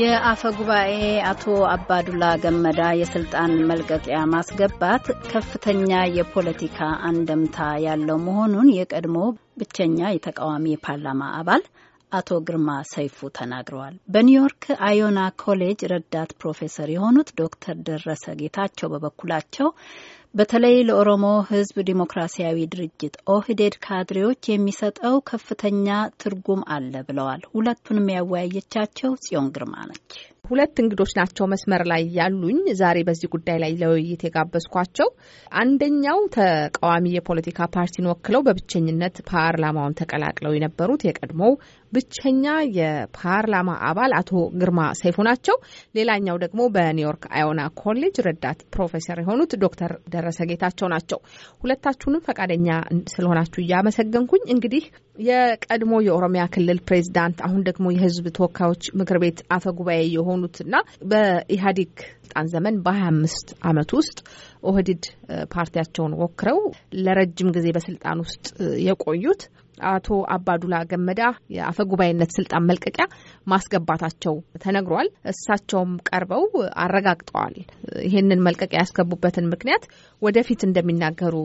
የአፈ ጉባኤ አቶ አባዱላ ገመዳ የስልጣን መልቀቂያ ማስገባት ከፍተኛ የፖለቲካ አንደምታ ያለው መሆኑን የቀድሞ ብቸኛ የተቃዋሚ የፓርላማ አባል አቶ ግርማ ሰይፉ ተናግረዋል። በኒውዮርክ አዮና ኮሌጅ ረዳት ፕሮፌሰር የሆኑት ዶክተር ደረሰ ጌታቸው በበኩላቸው በተለይ ለኦሮሞ ሕዝብ ዲሞክራሲያዊ ድርጅት ኦህዴድ ካድሬዎች የሚሰጠው ከፍተኛ ትርጉም አለ ብለዋል። ሁለቱንም ያወያየቻቸው ጽዮን ግርማ ነች። ሁለት እንግዶች ናቸው መስመር ላይ ያሉኝ ዛሬ በዚህ ጉዳይ ላይ ለውይይት የጋበዝኳቸው። አንደኛው ተቃዋሚ የፖለቲካ ፓርቲን ወክለው በብቸኝነት ፓርላማውን ተቀላቅለው የነበሩት የቀድሞው ብቸኛ የፓርላማ አባል አቶ ግርማ ሰይፉ ናቸው። ሌላኛው ደግሞ በኒውዮርክ አዮና ኮሌጅ ረዳት ፕሮፌሰር የሆኑት ዶክተር ደረሰ ጌታቸው ናቸው። ሁለታችሁንም ፈቃደኛ ስለሆናችሁ እያመሰገንኩኝ እንግዲህ የቀድሞ የኦሮሚያ ክልል ፕሬዚዳንት አሁን ደግሞ የህዝብ ተወካዮች ምክር ቤት አፈ ጉባኤ የሆኑትና በኢህአዴግ ስልጣን ዘመን በ25 አመት ውስጥ ኦህዲድ ፓርቲያቸውን ወክረው ለረጅም ጊዜ በስልጣን ውስጥ የቆዩት አቶ አባዱላ ገመዳ የአፈጉባኤነት ስልጣን መልቀቂያ ማስገባታቸው ተነግሯል። እሳቸውም ቀርበው አረጋግጠዋል። ይህንን መልቀቂያ ያስገቡበትን ምክንያት ወደፊት እንደሚናገሩ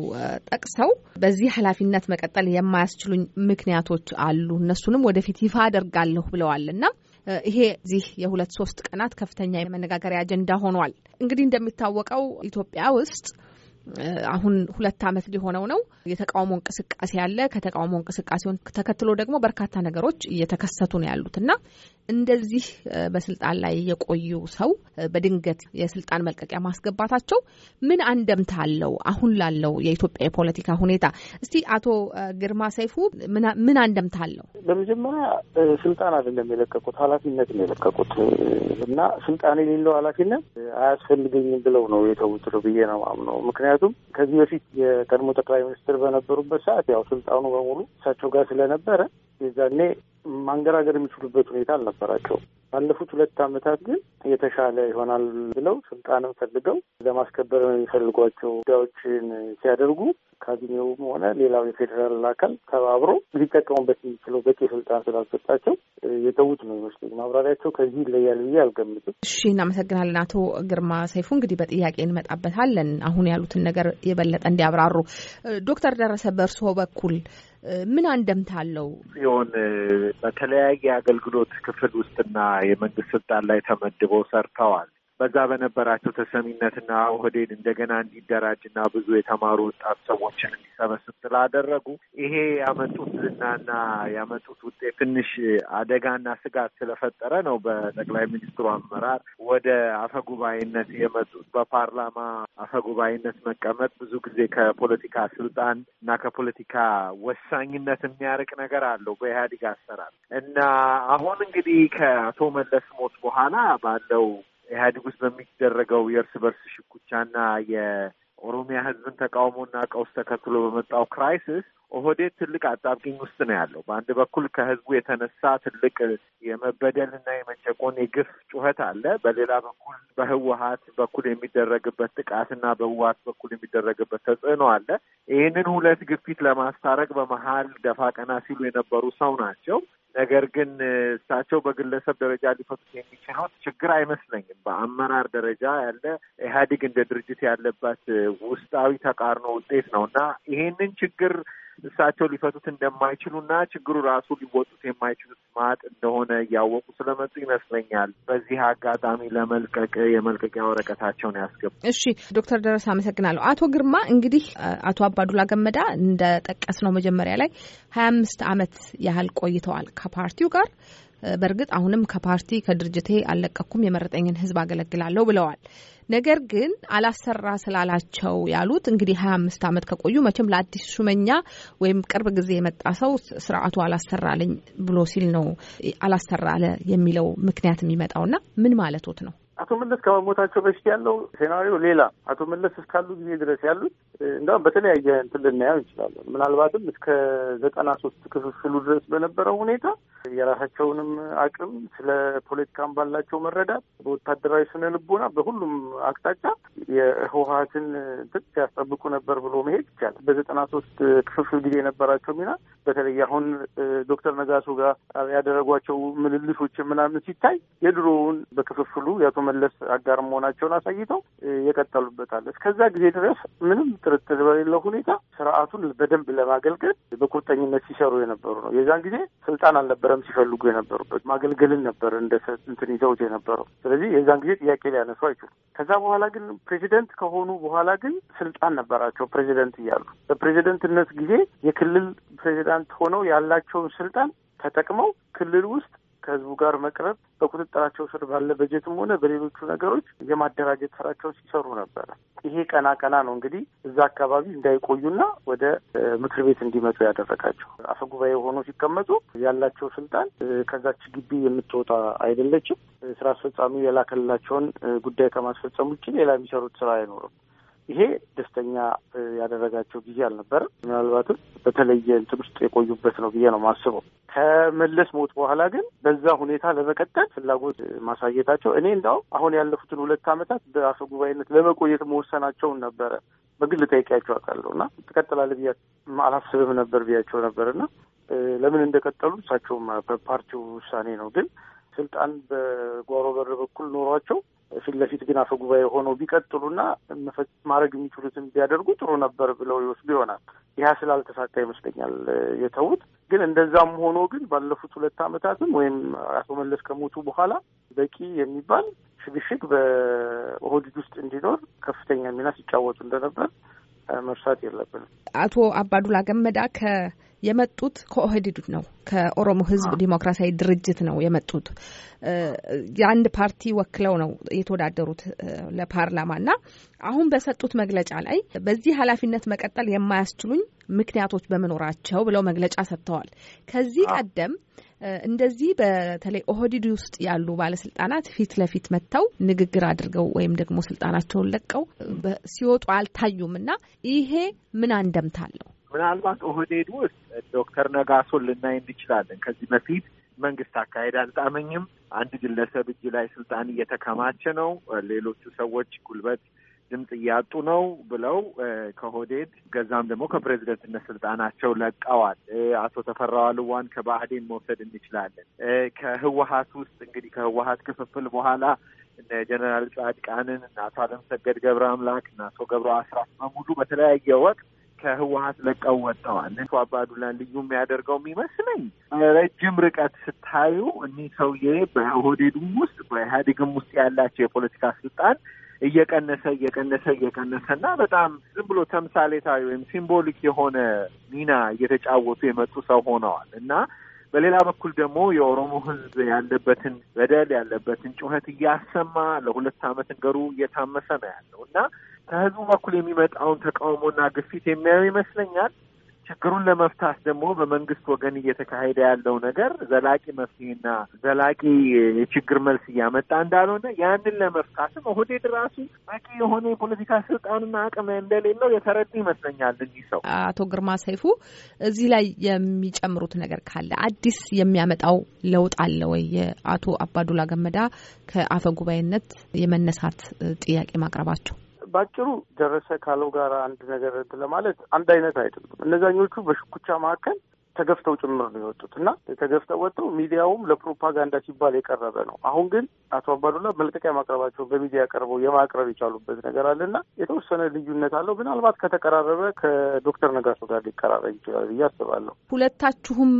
ጠቅሰው በዚህ ኃላፊነት መቀጠል የማያስችሉኝ ምክንያቶች አሉ፣ እነሱንም ወደፊት ይፋ አደርጋለሁ ብለዋል እና ይሄ ዚህ የሁለት ሶስት ቀናት ከፍተኛ የመነጋገሪያ አጀንዳ ሆኗል። እንግዲህ እንደሚታወቀው ኢትዮጵያ ውስጥ አሁን ሁለት ዓመት ሊሆነው ነው። የተቃውሞ እንቅስቃሴ ያለ ከተቃውሞ እንቅስቃሴውን ተከትሎ ደግሞ በርካታ ነገሮች እየተከሰቱ ነው ያሉት እና እንደዚህ በስልጣን ላይ የቆዩ ሰው በድንገት የስልጣን መልቀቂያ ማስገባታቸው ምን አንደምታ አለው አሁን ላለው የኢትዮጵያ የፖለቲካ ሁኔታ? እስቲ አቶ ግርማ ሰይፉ ምን አንደምታ አለው? በመጀመሪያ ስልጣን አይደለም የለቀቁት ኃላፊነት ነው የለቀቁት እና ስልጣን የሌለው ኃላፊነት አያስፈልገኝም ብለው ነው የተዉት ነው ብዬ ነው የማምነው። ምክንያቱም ከዚህ በፊት የቀድሞ ጠቅላይ ሚኒስትር በነበሩበት ሰዓት ያው ስልጣኑ በሙሉ እሳቸው ጋር ስለነበረ የዛኔ ማንገራገር የሚችሉበት ሁኔታ አልነበራቸው። ባለፉት ሁለት ዓመታት ግን የተሻለ ይሆናል ብለው ስልጣንም ፈልገው ለማስከበር የሚፈልጓቸው ጉዳዮችን ሲያደርጉ ካቢኔውም ሆነ ሌላው የፌዴራል አካል ተባብሮ ሊጠቀሙበት የሚችለው በቂ ስልጣን ስላልሰጣቸው የተዉት ነው ይመስለኝ። ማብራሪያቸው ከዚህ ይለያል ብዬ አልገምትም። እሺ፣ እናመሰግናለን አቶ ግርማ ሰይፉ። እንግዲህ በጥያቄ እንመጣበታለን። አሁን ያሉትን ነገር የበለጠ እንዲያብራሩ ዶክተር ደረሰ በእርስዎ በኩል ምን አንደምታ አለው ሲሆን በተለያየ አገልግሎት ክፍል ውስጥና የመንግስት ስልጣን ላይ ተመድበው ሰርተዋል። በዛ በነበራቸው ተሰሚነትና ኦህዴድ እንደገና እንዲደራጅና ብዙ የተማሩ ወጣት ሰዎችን እንዲሰበስብ ስላደረጉ ይሄ ያመጡት ዝናና ያመጡት ውጤት ትንሽ አደጋና ስጋት ስለፈጠረ ነው በጠቅላይ ሚኒስትሩ አመራር ወደ አፈጉባኤነት የመጡት። በፓርላማ አፈጉባኤነት መቀመጥ ብዙ ጊዜ ከፖለቲካ ስልጣን እና ከፖለቲካ ወሳኝነት የሚያርቅ ነገር አለው በኢህአዴግ አሰራር እና አሁን እንግዲህ ከአቶ መለስ ሞት በኋላ ባለው ኢህአዴግ ውስጥ በሚደረገው የእርስ በርስ ሽኩቻና የኦሮሚያ ህዝብን ተቃውሞና ቀውስ ተከትሎ በመጣው ክራይሲስ ኦህዴድ ትልቅ አጣብቂኝ ውስጥ ነው ያለው። በአንድ በኩል ከህዝቡ የተነሳ ትልቅ የመበደልና የመጨቆን የግፍ ጩኸት አለ። በሌላ በኩል በህወሀት በኩል የሚደረግበት ጥቃትና በህወሀት በኩል የሚደረግበት ተጽዕኖ አለ። ይህንን ሁለት ግፊት ለማስታረቅ በመሀል ደፋ ቀና ሲሉ የነበሩ ሰው ናቸው። ነገር ግን እሳቸው በግለሰብ ደረጃ ሊፈቱት የሚችሉት ችግር አይመስለኝም። በአመራር ደረጃ ያለ ኢህአዴግ እንደ ድርጅት ያለበት ውስጣዊ ተቃርኖ ውጤት ነው እና ይሄንን ችግር እሳቸው ሊፈቱት እንደማይችሉና ችግሩ ራሱ ሊወጡት የማይችሉት ማጥ እንደሆነ እያወቁ ስለመጡ ይመስለኛል በዚህ አጋጣሚ ለመልቀቅ የመልቀቂያ ወረቀታቸውን ያስገቡ። እሺ ዶክተር ደረሰ አመሰግናለሁ። አቶ ግርማ እንግዲህ አቶ አባዱላ ገመዳ እንደጠቀስ ነው መጀመሪያ ላይ ሀያ አምስት አመት ያህል ቆይተዋል ከፓርቲው ጋር በእርግጥ አሁንም ከፓርቲ ከድርጅቴ አልለቀኩም፣ የመረጠኝን ህዝብ አገለግላለሁ ብለዋል። ነገር ግን አላሰራ ስላላቸው ያሉት እንግዲህ ሀያ አምስት አመት ከቆዩ መቼም ለአዲስ ሹመኛ ወይም ቅርብ ጊዜ የመጣ ሰው ስርዓቱ አላሰራልኝ ብሎ ሲል ነው አላሰራ አለ የሚለው ምክንያት የሚመጣውና ምን ማለቶት ነው? አቶ መለስ ከመሞታቸው በፊት ያለው ሴናሪዮ ሌላ። አቶ መለስ እስካሉ ጊዜ ድረስ ያሉት እንዲሁም በተለያየ እንትን ልናየው እንችላለን። ምናልባትም እስከ ዘጠና ሶስት ክፍፍሉ ድረስ በነበረው ሁኔታ የራሳቸውንም አቅም ስለ ፖለቲካም ባላቸው መረዳት፣ በወታደራዊ ስነ ልቦና፣ በሁሉም አቅጣጫ የህወሀትን እንትን ሲያስጠብቁ ነበር ብሎ መሄድ ይቻላል። በዘጠና ሶስት ክፍፍል ጊዜ የነበራቸው ሚና በተለይ አሁን ዶክተር ነጋሶ ጋር ያደረጓቸው ምልልሶች ምናምን ሲታይ የድሮውን በክፍፍሉ የአቶ አጋር መሆናቸውን አሳይተው የቀጠሉበታል። እስከዛ ጊዜ ድረስ ምንም ጥርጥር በሌለው ሁኔታ ስርዓቱን በደንብ ለማገልገል በቁርጠኝነት ሲሰሩ የነበሩ ነው። የዛን ጊዜ ስልጣን አልነበረም ሲፈልጉ የነበሩበት ማገልገልን ነበር እንደ እንትን ይዘውት የነበረው። ስለዚህ የዛን ጊዜ ጥያቄ ሊያነሱ አይችሉም። ከዛ በኋላ ግን ፕሬዚደንት ከሆኑ በኋላ ግን ስልጣን ነበራቸው ፕሬዚደንት እያሉ በፕሬዚደንትነት ጊዜ የክልል ፕሬዚዳንት ሆነው ያላቸውን ስልጣን ተጠቅመው ክልል ውስጥ ከህዝቡ ጋር መቅረብ በቁጥጥራቸው ስር ባለ በጀትም ሆነ በሌሎቹ ነገሮች የማደራጀት ስራቸውን ሲሰሩ ነበረ። ይሄ ቀና ቀና ነው እንግዲህ እዛ አካባቢ እንዳይቆዩና ወደ ምክር ቤት እንዲመጡ ያደረጋቸው። አፈ ጉባኤ ሆኖ ሲቀመጡ ያላቸው ስልጣን ከዛች ግቢ የምትወጣ አይደለችም። ስራ አስፈጻሚው የላከላቸውን ጉዳይ ከማስፈጸም ውጭ ሌላ የሚሰሩት ስራ አይኖርም። ይሄ ደስተኛ ያደረጋቸው ጊዜ አልነበረም። ምናልባትም በተለየ እንትን ውስጥ የቆዩበት ነው ብዬ ነው ማስበው። ከመለስ ሞት በኋላ ግን በዛ ሁኔታ ለመቀጠል ፍላጎት ማሳየታቸው እኔ እንደውም አሁን ያለፉትን ሁለት ዓመታት በአፈ ጉባኤነት ለመቆየት መወሰናቸውን ነበረ በግል ጠይቄያቸው አውቃለሁ እና ትቀጥላለህ ብያ አላስብም ነበር ብያቸው ነበር እና ለምን እንደቀጠሉ እሳቸውም በፓርቲው ውሳኔ ነው ግን ስልጣን በጓሮ በር በኩል ኖሯቸው ፊት ለፊት ግን አፈ ጉባኤ ሆነው ቢቀጥሉና ማድረግ የሚችሉትን ቢያደርጉ ጥሩ ነበር ብለው ይወስዱ ይሆናል። ይህ ስላልተሳካ ይመስለኛል የተዉት። ግን እንደዛም ሆኖ ግን ባለፉት ሁለት ዓመታትም ወይም አቶ መለስ ከሞቱ በኋላ በቂ የሚባል ሽግሽግ በኦህዴድ ውስጥ እንዲኖር ከፍተኛ ሚና ሲጫወቱ እንደነበር መርሳት የለብንም። አቶ አባዱላ ገመዳ ከ የመጡት ከኦህዴድ ነው፣ ከኦሮሞ ህዝብ ዲሞክራሲያዊ ድርጅት ነው የመጡት። የአንድ ፓርቲ ወክለው ነው የተወዳደሩት ለፓርላማና አሁን በሰጡት መግለጫ ላይ በዚህ ኃላፊነት መቀጠል የማያስችሉኝ ምክንያቶች በመኖራቸው ብለው መግለጫ ሰጥተዋል። ከዚህ ቀደም እንደዚህ በተለይ ኦህዲድ ውስጥ ያሉ ባለስልጣናት ፊት ለፊት መጥተው ንግግር አድርገው ወይም ደግሞ ስልጣናቸውን ለቀው ሲወጡ አልታዩም እና ይሄ ምን አንደምታ ምናልባት ኦህዴድ ውስጥ ዶክተር ነጋሶን ልናይ እንችላለን። ከዚህ በፊት መንግስት አካሄድ አልጣመኝም፣ አንድ ግለሰብ እጅ ላይ ስልጣን እየተከማቸ ነው፣ ሌሎቹ ሰዎች ጉልበት ድምፅ እያጡ ነው ብለው ከሆዴድ ገዛም ደግሞ ከፕሬዚደንትነት ስልጣናቸው ለቀዋል። አቶ ተፈራ ዋልዋን ከባህዴን መውሰድ እንችላለን። ከህወሀት ውስጥ እንግዲህ ከህወሀት ክፍፍል በኋላ እነ ጀነራል ጻድቃንን እና አቶ አለም ሰገድ ገብረ አምላክ እና አቶ ገብረ አስራት በሙሉ በተለያየ ወቅት ከህወሀት ለቀው ወጥተዋል። እሱ አባዱላን ልዩ የሚያደርገው የሚመስለኝ ረጅም ርቀት ስታዩ እኒህ ሰውዬ በኦህዴዱም ውስጥ በኢህአዴግም ውስጥ ያላቸው የፖለቲካ ስልጣን እየቀነሰ እየቀነሰ እየቀነሰ እና በጣም ዝም ብሎ ተምሳሌታዊ ወይም ሲምቦሊክ የሆነ ሚና እየተጫወቱ የመጡ ሰው ሆነዋል እና በሌላ በኩል ደግሞ የኦሮሞ ህዝብ ያለበትን በደል ያለበትን ጩኸት እያሰማ ለሁለት ዓመት እንገሩ እየታመሰ ነው ያለው እና ከህዝቡ በኩል የሚመጣውን ተቃውሞና ግፊት የሚያዩ ይመስለኛል። ችግሩን ለመፍታት ደግሞ በመንግስት ወገን እየተካሄደ ያለው ነገር ዘላቂ መፍትሄና ዘላቂ የችግር መልስ እያመጣ እንዳልሆነ ያንን ለመፍታትም ኦህዴድ ራሱ በቂ የሆነ የፖለቲካ ስልጣንና አቅም እንደሌለው የተረዱ ይመስለኛል። እኚህ ሰው አቶ ግርማ ሰይፉ እዚህ ላይ የሚጨምሩት ነገር ካለ አዲስ የሚያመጣው ለውጥ አለ ወይ? የአቶ አባዱላ ገመዳ ከአፈ ጉባኤነት የመነሳት ጥያቄ ማቅረባቸው ባጭሩ ደረሰ ካለው ጋር አንድ ነገር ለማለት አንድ አይነት አይደሉም። እነዛኞቹ በሽኩቻ መካከል ተገፍተው ጭምር ነው የወጡት እና ተገፍተው ወጥተው ሚዲያውም ለፕሮፓጋንዳ ሲባል የቀረበ ነው። አሁን ግን አቶ አባዱላ መልቀቂያ ማቅረባቸውን በሚዲያ ቀርበው የማቅረብ የቻሉበት ነገር አለና የተወሰነ ልዩነት አለው። ምናልባት ከተቀራረበ ከዶክተር ነጋሶ ጋር ሊቀራረብ ይችላል ብዬ አስባለሁ። ሁለታችሁም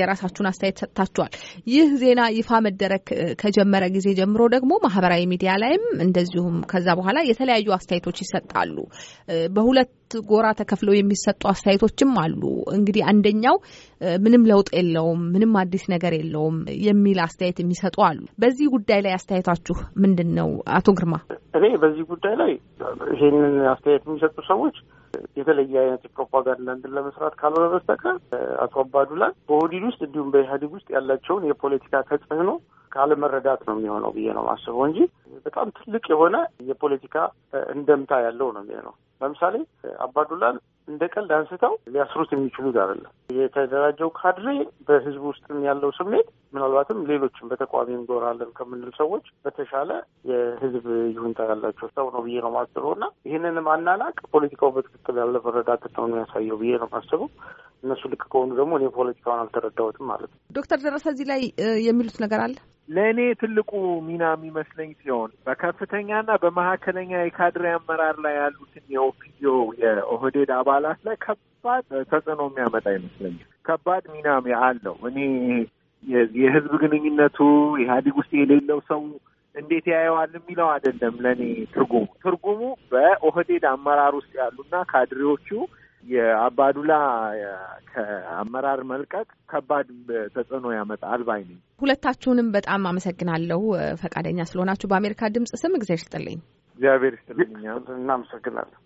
የራሳችሁን አስተያየት ሰጥታችኋል። ይህ ዜና ይፋ መደረግ ከጀመረ ጊዜ ጀምሮ ደግሞ ማህበራዊ ሚዲያ ላይም እንደዚሁም ከዛ በኋላ የተለያዩ አስተያየቶች ይሰጣሉ በሁለት ጎራ ተከፍለው የሚሰጡ አስተያየቶችም አሉ። እንግዲህ አንደኛው ምንም ለውጥ የለውም፣ ምንም አዲስ ነገር የለውም የሚል አስተያየት የሚሰጡ አሉ። በዚህ ጉዳይ ላይ አስተያየታችሁ ምንድን ነው? አቶ ግርማ። እኔ በዚህ ጉዳይ ላይ ይህንን አስተያየት የሚሰጡ ሰዎች የተለየ አይነት ፕሮፓጋንዳ እንትን ለመስራት ካልሆነ በስተቀር አቶ አባዱላ በኦህዴድ ውስጥ እንዲሁም በኢህአዴግ ውስጥ ያላቸውን የፖለቲካ ተጽዕኖ ካለመረዳት ነው የሚሆነው ብዬ ነው ማስበው እንጂ በጣም ትልቅ የሆነ የፖለቲካ እንደምታ ያለው ነው የሚሆነው። ለምሳሌ አባዱላን እንደ ቀልድ አንስተው ሊያስሩት የሚችሉት አይደለም። የተደራጀው ካድሬ በህዝብ ውስጥም ያለው ስሜት ምናልባትም ሌሎችም በተቃዋሚ እንጎራለን ከምንል ሰዎች በተሻለ የህዝብ ይሁንታ ያላቸው ሰው ነው ብዬ ነው ማስበው እና ይህንንም አናናቅ ፖለቲካው በትክክል ያለ ነው የሚያሳየው ብዬ ነው የማስበው እነሱ ልክ ከሆኑ ደግሞ እኔ ፖለቲካውን አልተረዳሁትም ማለት ነው። ዶክተር ደረሰ እዚህ ላይ የሚሉት ነገር አለ ለእኔ ትልቁ ሚና የሚመስለኝ ሲሆን በከፍተኛና በመካከለኛ የካድሬ አመራር ላይ ያሉትን የኦፒዮ የኦህዴድ አባላት ላይ ከባድ ተጽዕኖ የሚያመጣ ይመስለኛል። ከባድ ሚና አለው። እኔ የህዝብ ግንኙነቱ ኢህአዴግ ውስጥ የሌለው ሰው እንዴት ያየዋል የሚለው አይደለም። ለእኔ ትርጉሙ ትርጉሙ በኦህዴድ አመራር ውስጥ ያሉና ካድሬዎቹ የአባዱላ ከአመራር መልቀቅ ከባድ ተጽዕኖ ያመጣል ባይ ነኝ። ሁለታችሁንም በጣም አመሰግናለሁ ፈቃደኛ ስለሆናችሁ በአሜሪካ ድምጽ ስም እግዚአብሔር ይስጥልኝ። እግዚአብሔር ይስጥልኝ። እናመሰግናለሁ።